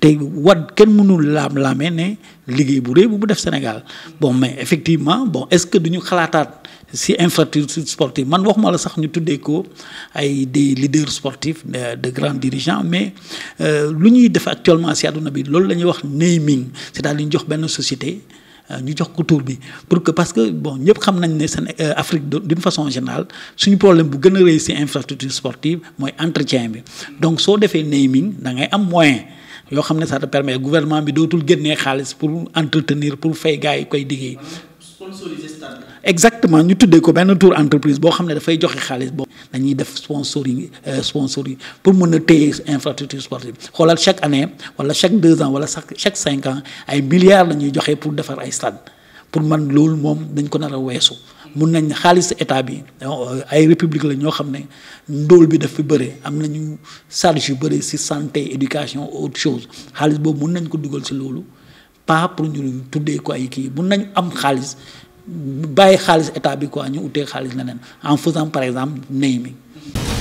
te wat kenn mënul laam-laamee ne liggéey bu rëy bu mu def Sénégal bon mais effectivement bon est-ce que duñu xalaataat si infrastructure sportive man waxuma la sax ñu tuddee ko ay des leaders sportive de grands dirigeants mais euh, lu ñuy def actuellement si àdduna bi loolu la ñuy wax naming c'est-à-dire ñu jox benn société euh, ñu jox ko tur bi pour que parce que bon ñëpp xam nañ ne seen euh, Afrique d'une façon générale suñu problème bu gën a rëy si infrastructure sportive mooy entretien bi donc soo defee naming da ngay am moyen yoo xam ne ça te permet gouvernement bi dootul génnee xaalis pour entretenir pour fay gars yi koy liggéey. exactement ñu tuddee ko benn tour entreprise boo xam ne dafay joxe xaalis boobu. dañuy def sponsoring sponsoring pour mën a téye infrastructure sportive xoolal chaque année wala chaque deux ans wala chaque chaque cinq ans ay milliards la ñuy joxe pour defar ay stade pour man loolu moom dañ ko nar a weesu mun nañ xaalis état bi ay république la ñoo xam ne ndóol bi dafa fi bëre am nañu charge yu bëre si santé éducation autre chose xaalis boobu mun nañ ko dugal si loolu pas pour ñu tuddee ko ay kii mun nañ am xaalis bàyyi xaalis état bi quoi ñu utee xaalis leneen en faisant par exemple néew mi